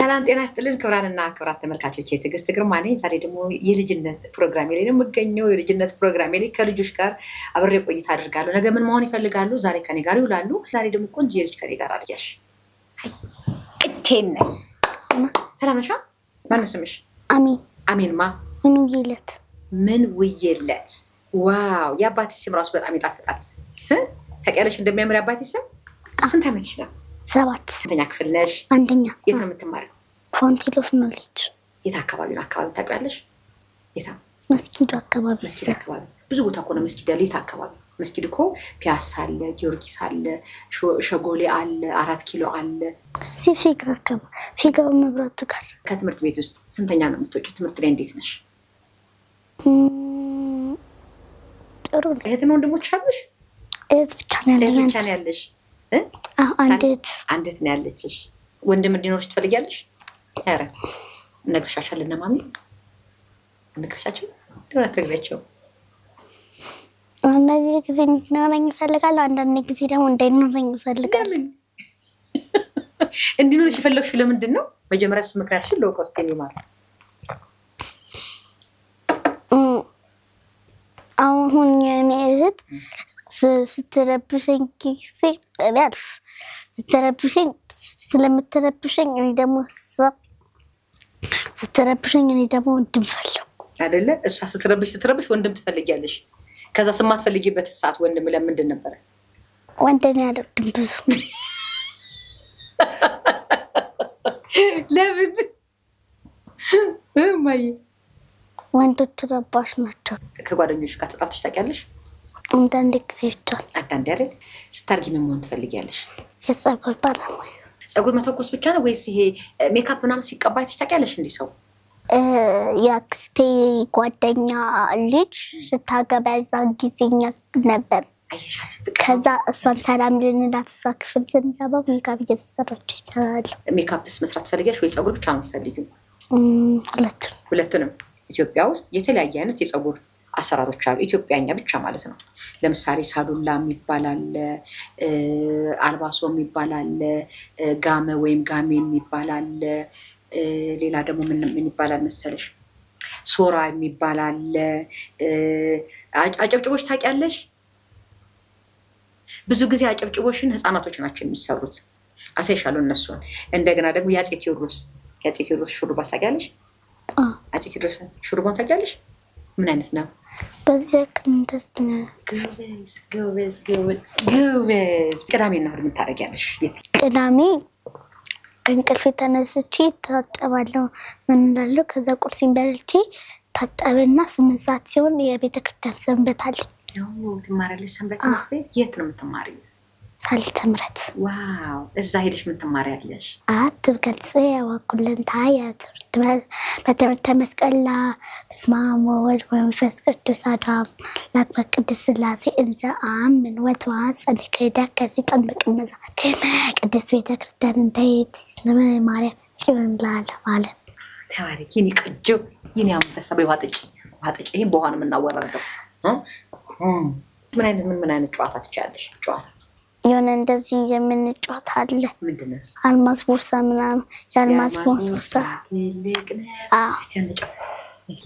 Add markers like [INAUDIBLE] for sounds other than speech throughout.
ሰላም ጤና ስጥልን ክብራንና ክብራት ተመልካቾች፣ የትዕግስት ግርማ ነኝ። ዛሬ ደግሞ የልጅነት ፕሮግራሜ ላይ የምገኘው። የልጅነት ፕሮግራሜ ላይ ከልጆች ጋር አብሬ ቆይታ አድርጋለሁ። ነገ ምን መሆን ይፈልጋሉ፣ ዛሬ ከኔ ጋር ይውላሉ። ዛሬ ደግሞ ቆንጆ የልጅ ከኔ ጋር አድርያሽ ቅቴነሽ ሰላም ነሻ? ስምሽ? አሜን። አሜን ማ ምን ውይለት ምን ውይለት? ዋው የአባት ስም ራሱ በጣም ይጣፍጣል። ታውቂያለሽ እንደሚያምር የአባት ስም። ስንት ዓመትሽ ነው? ሰባት ስንተኛ ክፍል ነሽ? አንደኛ። የት ነው የምትማሪው? ፎንቴን ኦፍ ኖሌጅ። የት አካባቢውን አካባቢ ታውቂያለሽ? የት መስጊዱ አካባቢ? መስጊድ አካባቢ ብዙ ቦታ እኮ ነው መስጊድ ያለው። የት አካባቢ መስጊድ እኮ ፒያሳ አለ፣ ጊዮርጊስ አለ፣ ሸጎሌ አለ፣ አራት ኪሎ አለ። እዚህ ፊጋ አካባቢ ፊጋው መብራቱ ጋር። ከትምህርት ቤት ውስጥ ስንተኛ ነው የምትወጪ? ትምህርት ላይ እንዴት ነሽ? ጥሩ። እህት ነው ወንድሞች አሉሽ? እህት ብቻ ነው ያለሽ? አንዴት አንዴት ነው ያለችሽ። ወንድም እንዲኖርሽ ትፈልጊያለሽ? ኧረ እነግርሻቸዋለሁ። እና ማሚ እነግርሻቸው ሆነ ትነግሪያቸው። አንዳንድ ጊዜ እንዲኖረኝ እፈልጋለሁ፣ አንዳንድ ጊዜ ደግሞ እንዳይኖረኝ እፈልጋለሁ። [LAUGHS] እንዲኖርሽ የፈለግሽው ለምንድን ነው? መጀመሪያ እሱ ምክንያት ለውቀ ውስጥ የሚማር አሁን የእኔ እህት ስትረብሸኝ ጊዜ እኔ አልፍ ስትረብሸኝ ስለምትረብሸኝ እኔ ደግሞ ስትረብሸኝ እኔ ደግሞ ወንድም ፈለው አይደለ? እሷ ስትረብሽ ስትረብሽ ወንድም ትፈልጊያለሽ። ከዛ ስማትፈልጊበት ሰዓት ወንድም ለምንድን ነበረ? ወንድም ያደርግም ብዙ ለምን ወንዶች ረባሽ ናቸው። ከጓደኞች ጋር ተጣልተሽ ታውቂያለሽ? አንዳንድ ጊዜ ብቻ አንዳንድ አይደል? ስታድጊ ምን መሆን ትፈልጊያለሽ? የፀጉር ባለሙያ። ፀጉር መተኮስ ብቻ ነው ወይስ ይሄ ሜካፕ ምናምን ሲቀባ አይተሽ ታውቂያለሽ? እንዲህ ሰው የአክስቴ ጓደኛ ልጅ ስታገባ የዛን ጊዜ ነበር። ከዛ እሷን ሰላም ልንላት እሷ ክፍል ስንገባ ሜካፕ እየተሰራች ይቻላል። ሜካፕስ መስራት ትፈልጊያለሽ ወይ ጸጉር ብቻ ነው የምትፈልጊው? ሁለቱንም። ሁለቱንም። ኢትዮጵያ ውስጥ የተለያየ አይነት የጸጉር አሰራሮች አሉ። ኢትዮጵያኛ ብቻ ማለት ነው። ለምሳሌ ሳዱላ የሚባል አለ፣ አልባሶ የሚባል አለ፣ ጋመ ወይም ጋሜ የሚባል አለ። ሌላ ደግሞ ምን ይባላል መሰለሽ? ሶራ የሚባል አለ። አጨብጭቦች ታውቂያለሽ? ብዙ ጊዜ አጨብጭቦችን ህፃናቶች ናቸው የሚሰሩት። አሳይሻለሁ እነሱን። እንደገና ደግሞ የአፄ ቴዎድሮስ የአፄ ቴዎድሮስ ሹሩባ ታውቂያለሽ? አፄ ቴዎድሮስ ሹሩባን ታውቂያለሽ? ምን አይነት ነው? በዚያ ቀን እንደዚህ ነው። ጎበዝ እሑድ ቅዳሜ ተነስቼ ታጠባለሁ። ምን እላለሁ? ከዛ ቁርሴን በልቼ ታጠብና ስምንት ሰዓት ሲሆን የቤተክርስቲያን ሰንበት አለ። ትማሪያለሽ? ሰንበት የት ነው የምትማሪው? ሳልተ ምሕረት ዋው! እዛ ሄደሽ ምን ትማሪያለሽ? አት ብገልጽ ወኩለንታ በትምህርተ መስቀላ በስመ አብ ወወልድ ወመንፈስ ቅዱስ አሐዱ አምላክ በቅድስት ሥላሴ እንዘ አምን ወተዋጸን ክህደ ከዚ መዛ መዛች ቅድስት ቤተ ክርስቲያን እንተይት ስለማርያም ጽዮን ለዓለመ ዓለም ተባረክ። ይኔ ቅጁ ይኔ አንበሳ በውሃ ዋጥጭ ውሃ ጥጪ። ይህም በውሃ ነው ምን አይነት ምን ምን አይነት ጨዋታ ትችያለሽ? ጨዋታ የሆነ እንደዚህ የምንጫወት አለ። አልማዝ ቦርሳ ምናምን የአልማዝ ቦርሳ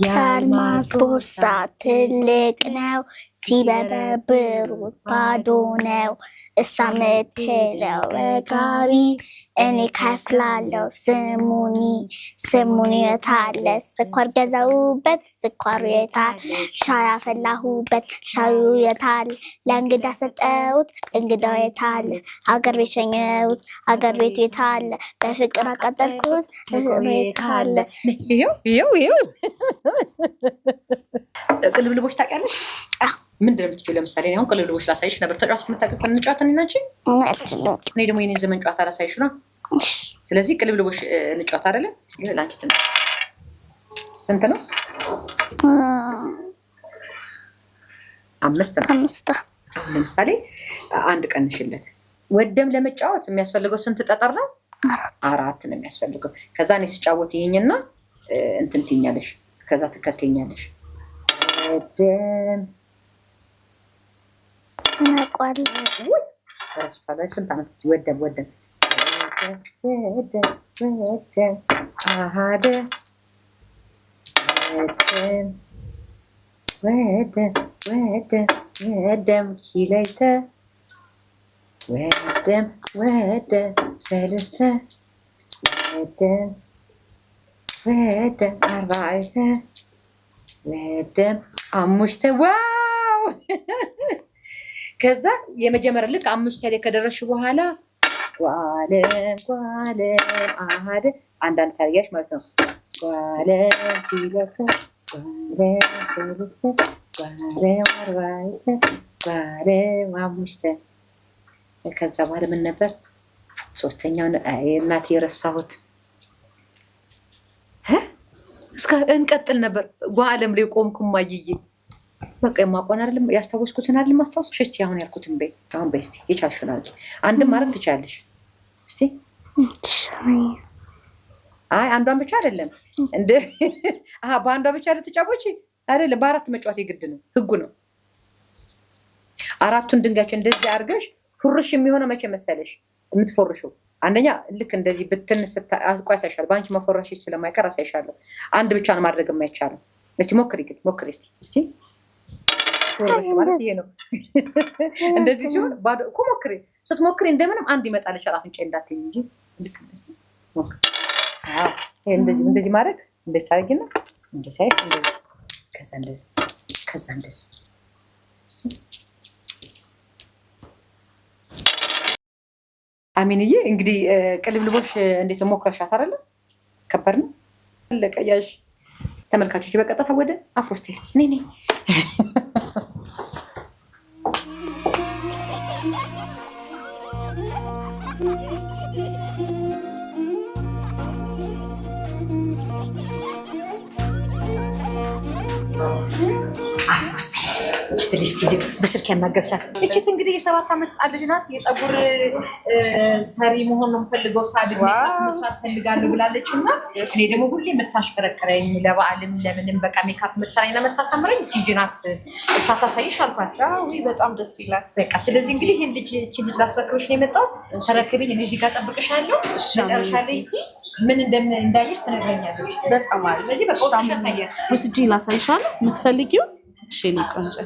የአልማዝ ቦርሳ ትልቅ ነው ሲበረብሩት ባዶ ነው እሷ ምትለው በጋሪ እኔ ከፍላለው ስሙኒ ስሙኒ የታለ ስኳር ገዛውበት ስኳሩ የታል ሻይ አፈላሁበት ሻዩ የታል ለእንግዳ ሰጠውት እንግዳው የታል አገር ቤት ሸኘውት አገር ቤት የታል በፍቅር አቃጠልኩት የታል ቅልብልቦች ታውቂያለሽ ምንድን ነው የምትችይው? ለምሳሌ አሁን ቅልልቦች ላሳይሽ ነበር። ተጫዋት የምታውቂው ከሆነ እንጫወት እኔ ደግሞ የኔ ዘመን ጨዋታ ላሳይሽ ነው። ስለዚህ ቅልብልቦች እንጫወት አይደለ? ላንቺ ስንት ነው? አምስት ነው። ለምሳሌ አንድ ቀንሽለት። ወደም ለመጫወት የሚያስፈልገው ስንት ጠጠር ነው? አራት ነው የሚያስፈልገው። ከዛ እኔ ስጫወት ይሄኝና እንትን ትይኛለሽ፣ ከዛ ትከተኛለሽ። ወደም ودم كليتا ودم ودم ثالثة ودم ودم أربعة ودم أمشتا واو ከዛ የመጀመር ልክ አምስት ያለ ከደረሽ በኋላ ጓለም ጓለም አሃደ አንዳንድ ሳርያሽ ማለት ነው። ጓለም ቲለተ ጓለም ሶልስተ ጓለም አርባይተ ጓለም አምስተ ከዛ በኋላ ምን ነበር? ሶስተኛውን እናት የረሳሁት እስከ እንቀጥል ነበር ጓለም ላይ ቆምኩማ ይይ በቃ የማቋን አይደለም ያስታወስኩትን አይደለም ማስታወስ ሽስቲ አሁን ያልኩትን በይ። አሁን በይ እስኪ የቻልሽውን አድርጊ። አንድም ማድረግ ትችያለሽ። እስኪ አይ አንዷን ብቻ አይደለም እንደ በአንዷ ብቻ ልትጫወቺ አይደለም፣ በአራት መጫወት የግድ ነው፣ ህጉ ነው። አራቱን ድንጋዮች እንደዚህ አድርገሽ ፉርሽ የሚሆነው መቼ መሰለሽ? የምትፎርሽው አንደኛ ልክ እንደዚህ ብትን አስቆ ያሳይሻል። በአንቺ መፎረሽ ስለማይቀር አሳይሻለሁ። አንድ ብቻ ነው ማድረግ የማይቻለው። እስኪ ሞክሪ፣ ግን ሞክሪ እስኪ እስኪ ሾርበሽ ማለት ይሄ ነው። [LAUGHS] እንደዚህ ሲሆን ባዶ እኮ ሞክሪ። ስትሞክሪ እንደምንም አንድ ይመጣልሻል። አፍንጫ እንዳትይኝ እንጂ ልክ እንደዚህ ሞክሪ። እንደዚህ እንደዚህ ማድረግ እንደዚህ ታደርጊና እንደዚህ አይ እንደዚህ ከዛ እንደዚህ ከዛ እንደዚህ አሚንዬ እንግዲህ ቅልብልቦሽ እንዴት ሞከርሻት አይደለ? ከባድ ነው። ለቀያሽ ተመልካቾች በቀጥታ ወደ አፍሮስቴ ኔ ኔ ልጅ ትሄጂ በስልክ ያናገርሻል። እችት እንግዲህ የሰባት ዓመት ህጻን ልጅ ናት። የፀጉር ሰሪ መሆን ነው የምፈልገው ሳድ መስራት ፈልጋለሁ ብላለች። እና እኔ ደግሞ ሁሌ የምታሽከረክረኝ ለበዓልም ለምንም በቃ ሜካፕ መሰራኝ ለመታሳምረኝ ቲጂ ናት። እሷ ታሳይሽ አልኳት። በጣም ደስ ይላል። በቃ ስለዚህ እንግዲህ ይህን ልጅ እችን ልጅ ላስረክብሽ ነው የመጣሁት። ተረክብኝ፣ እኔ እዚህ ጋር ጠብቅሻለሁ። መጨረሻ ላይ እስቲ ምን እንዳየሽ ትነግረኛለሽ። በጣም ስለዚህ በቃ ሳየ ወስጄ ላሳይሻለሁ የምትፈልጊው እሺ የኔ ቆንጆ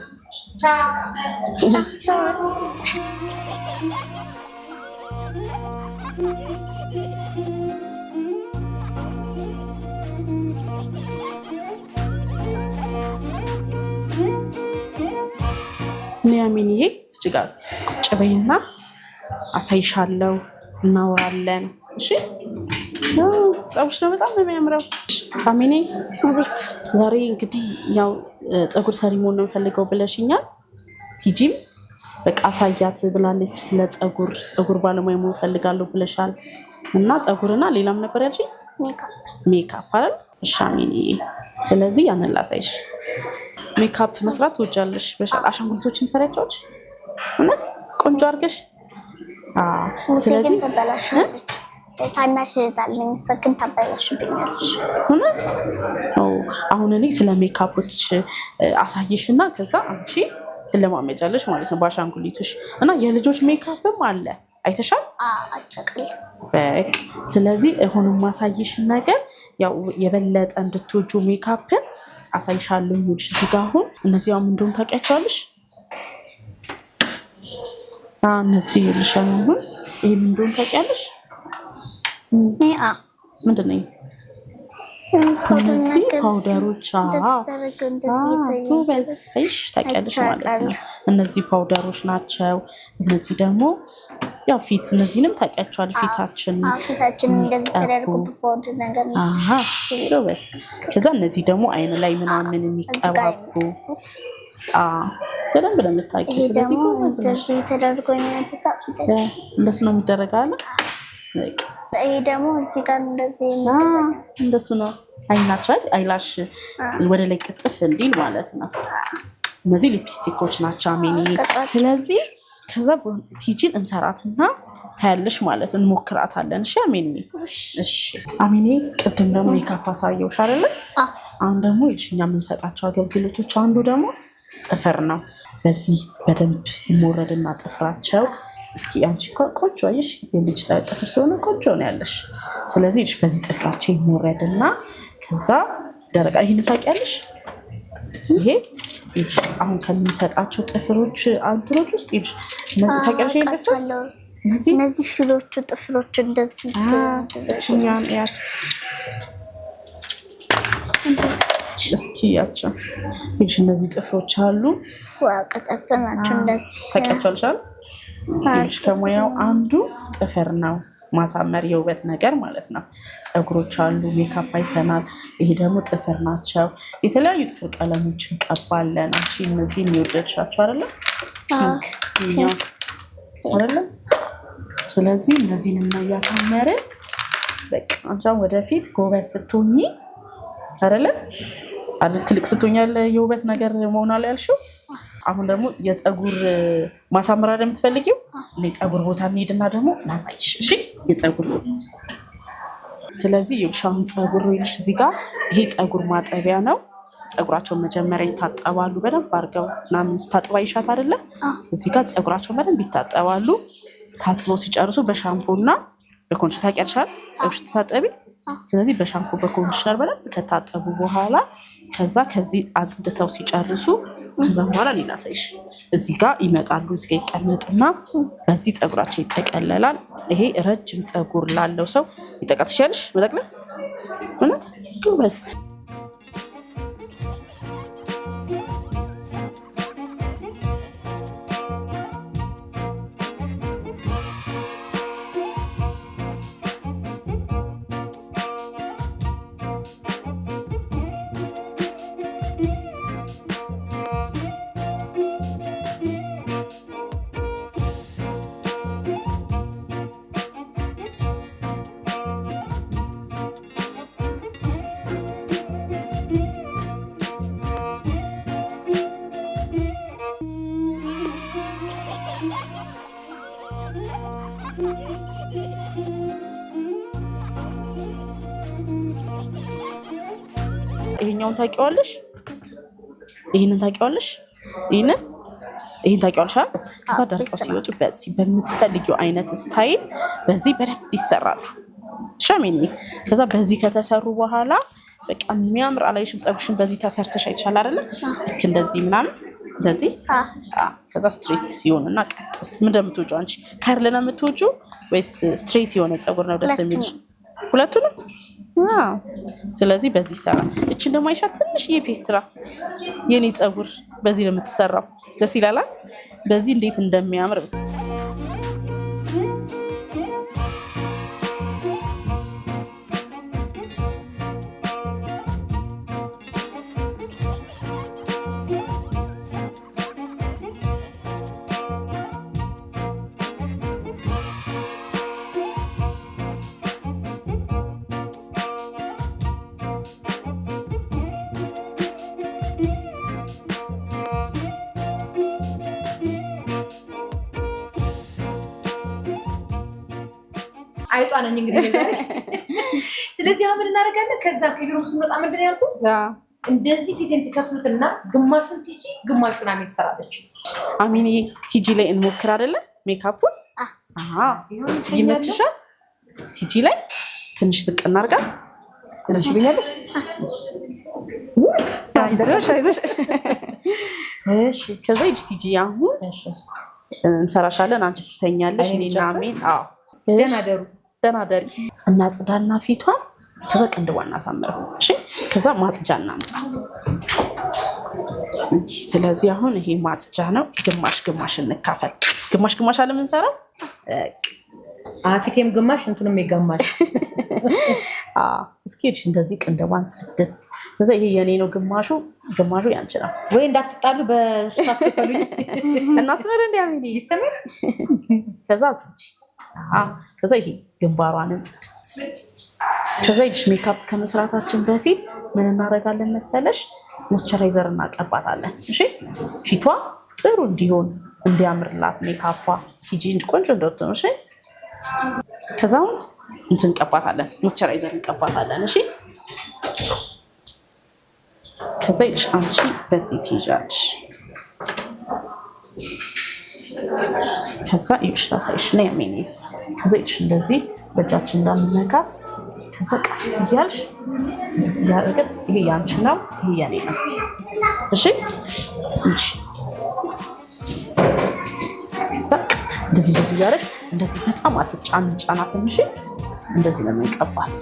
ኑያሚንዬ እዚህ ጋር ቁጭ በይና አሳይሻለሁ፣ እናወራለን። እሺ ፀጉርሽ ነው በጣም ነው የሚያምረው። አሚኔ ውበት። ዛሬ እንግዲህ ያው ጸጉር ሰሪ መሆን ነው የምፈልገው ብለሽኛል። ቲጂም በቃ አሳያት ብላለች። ስለ ጸጉር ፀጉር ባለሙያ መሆን እፈልጋለሁ ብለሻል እና ጸጉርና ሌላም ነበር ያልሽኝ ሜካፕ አይደል? እሺ አሚኔ፣ ስለዚህ ያንን ላሳይሽ። ሜካፕ መስራት ትወጃለሽ? በሻል አሻንጉሊቶችን እንሰሪያቸዎች እውነት ቆንጆ አድርገሽ ስለዚህ ታናሽ ጣልኝ ሰክን ታበላሽብኛለች። እውነት አሁን እኔ ስለ ሜካፖች አሳይሽ እና ከዛ አንቺ ትለማመጃለሽ ማለት ነው በአሻንጉሊቶች እና የልጆች ሜካፕም አለ አይተሻል። በቅ ስለዚህ አሁን ማሳይሽን ነገር ያው የበለጠ እንድትወጁ ሜካፕን አሳይሻለሁ። ይኸውልሽ ዚጋ አሁን እነዚያም እንደሁም እንደውም ታውቂያቸዋለሽ። እነዚህ ይኸውልሽ ይህም እንደሁም ታውቂያለሽ ምንድን ነው እነዚህ ፓውደሮች በሽ ታውቂያለሽ ማለት ነው። እነዚህ ፓውደሮች ናቸው። እነዚህ ደግሞ ያው ፊት እነዚህንም ታውቂያቸዋል። ፊታችን ጎበዝ። ከዛ እነዚህ ደግሞ አይን ላይ ምናምን የሚቀባቡ በደንብ ለምታውቂው። ስለዚህ እንደሱ ነው የሚደረግ አለ ይሄ ደግሞ እዚህ ጋር እንደዚህ እንደሱ ነው። አይናቸው አይላሽ ወደ ላይ ቅጥፍ እንዲል ማለት ነው። እነዚህ ሊፕስቲኮች ናቸው አሜኒ። ስለዚህ ከዛ ቲጂን እንሰራትና ታያለሽ ማለት እንሞክራታለን። እሺ አሜኒ፣ እሺ አሜኒ። ቅድም ደግሞ የካፋ ሳየውሽ አይደለ? አሁን ደግሞ እኛ የምንሰጣቸው አገልግሎቶች አንዱ ደግሞ ጥፍር ነው። በዚህ በደንብ ይሞረድና ጥፍራቸው እስኪ አንቺ ቆንጆ አየሽ፣ የልጅ ጥፍር ስለሆነ ቆንጆ ነው ያለሽ። ስለዚህ ልጅ በዚህ ጥፍራቸው ይሞረድ እና ከዛ ደረቃ ይህን ታውቂያለሽ። ይሄ አሁን ከምንሰጣቸው ጥፍሮች አንትሮች ውስጥ ልጅ ታውቂያለሽ። ይሄ ጥፍር እነዚህ ሽሎቹ ጥፍሮች እንደዚህ እስኪ ያቸው እነዚህ ጥፍሮች አሉ። ቀጫቸው ናቸው እንደዚህ ታውቂያቸዋለሽ። ከሙያው አንዱ ጥፍር ነው። ማሳመር የውበት ነገር ማለት ነው። ፀጉሮች አሉ፣ ሜካፕ አይተናል። ይሄ ደግሞ ጥፍር ናቸው። የተለያዩ ጥፍር ቀለሞች እንቀባለን። አንቺ እነዚህ የሚወደድሻቸው አይደለ? ፒንክ አይደለም? ስለዚህ እነዚህን እና እያሳመርን በቃ አንቺ ወደፊት ጎበዝ ስትሆኚ አይደለም አይደል? ትልቅ ስትሆኛል የውበት ነገር መሆኗ ያልሽው አሁን ደግሞ የፀጉር ማሳመሪያ ለምትፈልጊው እኔ ፀጉር ቦታ እንሄድና ደግሞ ላሳይሽ። እሺ፣ የፀጉር ስለዚህ የሻሁን ፀጉር ይልሽ እዚህ ጋር ይሄ ፀጉር ማጠቢያ ነው። ፀጉራቸውን መጀመሪያ ይታጠባሉ በደንብ አድርገው ምናምን ስታጥባ ይሻት አይደለ? እዚህ ጋር ፀጉራቸውን በደንብ ይታጠባሉ። ታጥበው ሲጨርሱ በሻምፖ እና በኮንሽ ታውቂያለሽ አይደል? ፀጉርሽ ትታጠቢ። ስለዚህ በሻምፖ በኮንዲሽነር በደንብ ከታጠቡ በኋላ ከዛ ከዚህ አጽድተው ሲጨርሱ ከዛ በኋላ ሌላ ሳይሽ እዚህ ጋር ይመጣሉ። እዚህ ጋር ይቀመጡና በዚህ ፀጉራቸው ይጠቀለላል። ይሄ ረጅም ፀጉር ላለው ሰው ይጠቀጥሻለሽ። መጠቅለ እውነት ጎበዝ ታውቂዋለሽ? ይህንን ታውቂዋለሽ? ይህንን ይህን ታውቂዋለሽ ከዛ ደርቀው ሲወጡ በዚህ በምትፈልጊው አይነት ስታይል በዚህ በደንብ ይሰራሉ። ሻሜኒ ከዛ በዚህ ከተሰሩ በኋላ በቃ የሚያምር አላየሽም? ፀጉርሽን በዚህ ተሰርተሽ አይተሻል አይደለ? ልክ እንደዚህ ምናምን እንደዚህ ከዛ ስትሬት ሲሆንና ቀጥ ምን እንደምትወጪው አንቺ ከርል ነው የምትወጪው ወይስ ስትሬት የሆነ ፀጉር ነው ደስ የሚል? ሁለቱንም ስለዚህ በዚህ ይሰራል። እችን ደግሞ አይሻ ትንሽዬ ስራ የኔ ፀጉር በዚህ ነው የምትሰራው። ደስ ይላላል። በዚህ እንዴት እንደሚያምር አይጧ ነኝ እንግዲህ። [LAUGHS] ስለዚህ ምን እናደርጋለን። ከዛ ከቢሮ ስንወጣ ምንድን ያልኩት እንደዚህ ፊቴን ትከፍሉትና ግማሹን ቲጂ ግማሹን አሚን ትሰራለች። አሚን ቲጂ ላይ እንሞክር አይደለ? ሜካፑን ይመችሻል? ቲጂ ላይ ትንሽ ዝቅ እናድርጋት። ትንሽ ብኛለሽ። አይዞሽ አይዞሽ። ከዛ ሂጂ ቲጂ፣ አሁን እንሰራሻለን። አንቺ ትተኛለሽ፣ እኔና አሚን። ደህና ደሩ ደህና ደሪ እናጽዳና ፊቷን ከዛ ቅንድቧ እናሳምረው። እሺ ከዛ ማጽጃ እናምጣ። ስለዚህ አሁን ይሄ ማጽጃ ነው። ግማሽ ግማሽ እንካፈል። ግማሽ ግማሽ አለ አፊቴም ግማሽ እንትንም የጋማሽ [LAUGHS] እስኪሄድሽ እንደዚህ ቅንድቧን ስድት ከዛ ይሄ የኔ ነው ግማሹ ግማሹ ያንቺ ነው ወይ እንዳትጣሉ በስፋስከፈሉኝ [LAUGHS] እናስመር እንዲያሚ ይሰመር ከዛ ጽጅ ከዛ ይሄ ግንባሯንም ከዛ ይልሽ ሜካፕ ከመስራታችን በፊት ምን እናደርጋለን መሰለሽ? ሞስቸራይዘር እናቀባታለን። እሺ ፊቷ ጥሩ እንዲሆን እንዲያምርላት ሜካፓ ፊጂ ቆንጆ እንደወጥነ። እሺ ከዛም እንትን እንቀባታለን፣ ሞስቸራይዘር እንቀባታለን። እሺ ከዛ ይልሽ አንቺ በዚህ ትይዣለሽ። ከዛ ይልሽ ላሳይሽ ነው የሚኒ ከዛ ይች እንደዚህ በእጃችን እንዳንነካት ከዛ ቀስ እያልሽ እንደዚህ እያደረግን ይሄ ያንቺ ነው፣ ይሄ ያኔ ነው። እሺ እንደዚህ እንደዚህ እያደረግ እንደዚህ በጣም አትጫን ጫናት። እሺ እንደዚህ ነው የምንቀባት።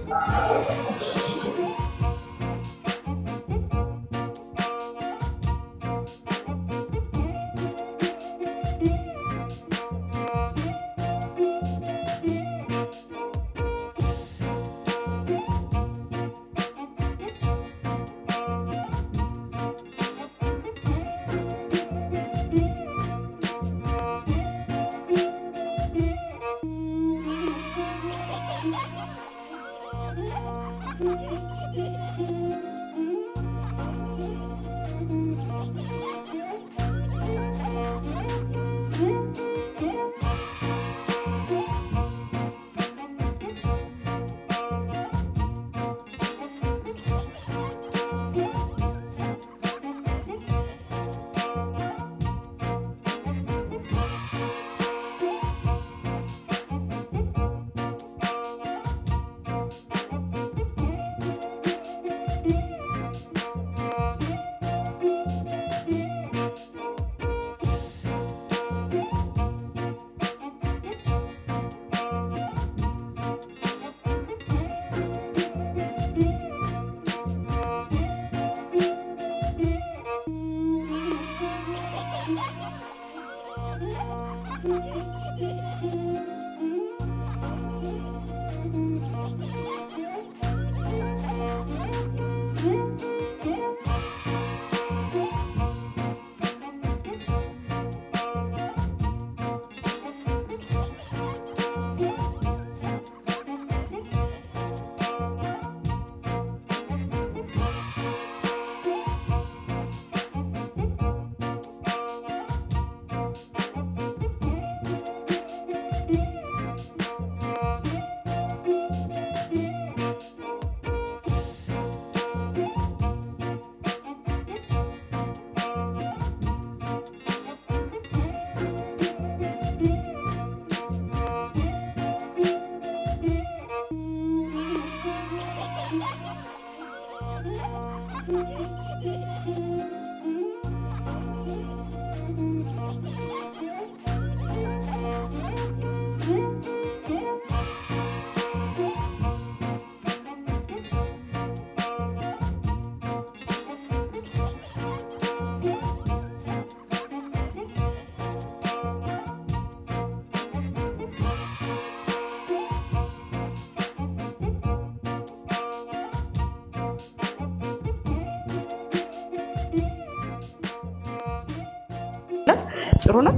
ጥሩ ነው።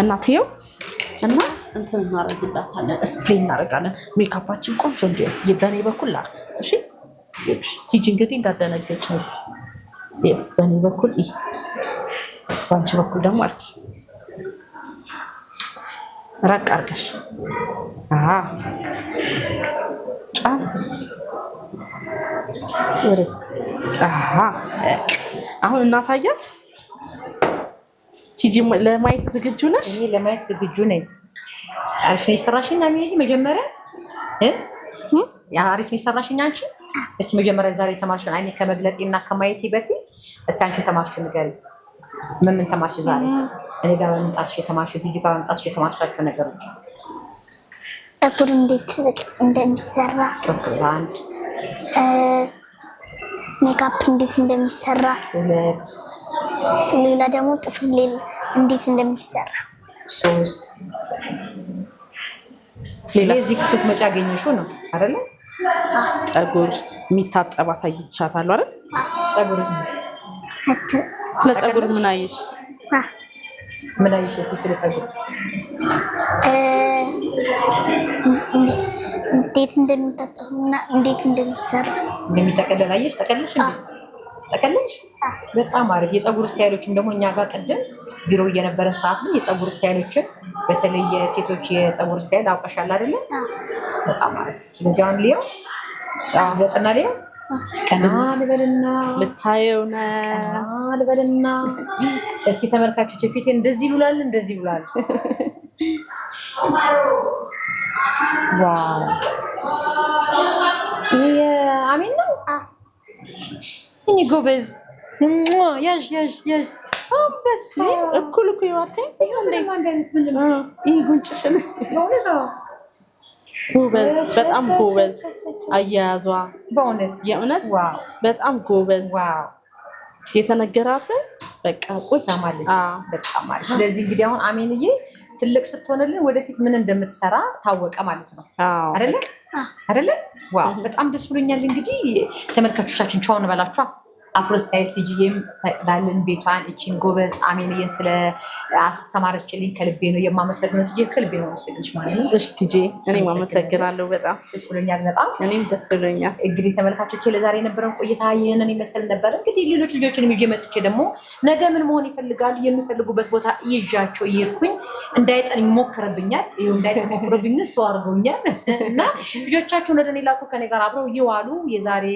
እናትየው እና እንትን እናደርግላታለን፣ ስፕሬ እናደርጋለን። ሜካፓችን ቆንጆ እንዲሆን በእኔ በኩል ላክ። እሺ ቲጂ እንግዲህ እንዳደነገች በእኔ በኩል ይ በአንቺ በኩል ደግሞ አርጊ፣ ራቅ አርገሽ ጫን አሁን እናሳያት። ቲጂ ለማየት ዝግጁ ነህ? እኔ ለማየት ዝግጁ ነኝ። አሪፍ ነው የሰራሽኝ እና መጀመሪያ አሪፍ ነው የሰራሽኝ አንቺ። እስቲ መጀመሪያ ዛሬ የተማርሽን አይኔ ከመግለጤ እና ከማየቴ በፊት እስቲ አንቺ የተማርሽ ንገሪ። ምን ምን ተማርሽ ዛሬ? እኔ ጋር መምጣትሽ የተማርሽ ቲጂ ጋር መምጣትሽ የተማርሻቸው ነገሮች ጸጉር እንዴት እንደሚሰራ አንድ ሜካፕ እንዴት እንደሚሰራ ሁለት ሌላ ደግሞ ጥፍር እንዴት እንደሚሰራ ሶስት ሌላ እዚህ ስትመጪ ያገኘሽው ነው አይደለ? ፀጉር የሚታጠብ አሳይቻታለሁ አይደል? ፀጉርስ ስለ ፀጉር ምን አየሽ? ምን አየሽ? እሱ ስለ ፀጉር እንዴት እንደሚታጠብና እንዴት እንደሚሰራ እንደሚጠቀለል አየሽ? እንዴ? ጠቀለልሽ? በጣም አሪፍ የፀጉር ስታይሎችን ደግሞ እኛ ጋር ቅድም ቢሮ እየነበረ ሰዓት ላይ የፀጉር ስታይሎችን በተለይ የሴቶች የፀጉር ስታይል አውቀሻል አይደለ? በጣም አሪፍ። ስለዚህ አሁን ሊየው ዘጠና ሊየው ቀና ልበልና ልታየው ነው ልበልና፣ እስኪ ተመልካቾች ፊት እንደዚህ ብሏል፣ እንደዚህ ብሏል። ዋው ይሄ አሚን ነው። እኔ ጎበዝ እኩል እኩል ጉንጭሽን ጎበዝ፣ በጣም ጎበዝ አያያዟ፣ የእውነት በጣም ጎበዝ። የተነገራትን በቃ ቁጭ በጣም አሪፍ። ስለዚህ እንግዲህ አሁን አሜንዬ ትልቅ ስትሆንልን ወደፊት ምን እንደምትሰራ ታወቀ ማለት ነው አይደለ? አይደለ? ዋው፣ በጣም ደስ ብሎኛል። እንግዲህ ተመልካቾቻችን ቻው እንበላችኋ አፍሮስታይል ትጅዬም ፈቅዳልን ቤቷን እችን ጎበዝ አሜንዬን ስለ አስተማረችልኝ ከልቤ ነው የማመሰግነው። ትጅ ከልቤ ነው መሰግች ማለት ነው። እሺ ትጅ እኔም አመሰግናለሁ። በጣም ደስ ብሎኛል። በጣም እኔም ደስ ብሎኛል። እንግዲህ ተመልካቾች ለዛሬ የነበረን ቆይታ ይህንን ይመስል ነበር። እንግዲህ ሌሎች ልጆችን ይዤ መጥቼ ደግሞ ነገ ምን መሆን ይፈልጋሉ የሚፈልጉበት ቦታ ይዣቸው ይርኩኝ እንዳይጠን ይሞክርብኛል እንዳይጠን ሞክርብኝ ሰው አድርጎኛል እና ልጆቻችሁን ወደ እኔ ላኩ ከኔ ጋር አብረው ይዋሉ። የዛሬ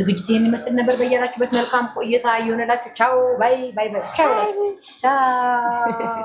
ዝግጅት ይህን ይመስል ነበር። በያላችሁበት መልካም ቆይታ የሆነላችሁ። ቻው ባይ ባይ ባይ ቻው ቻው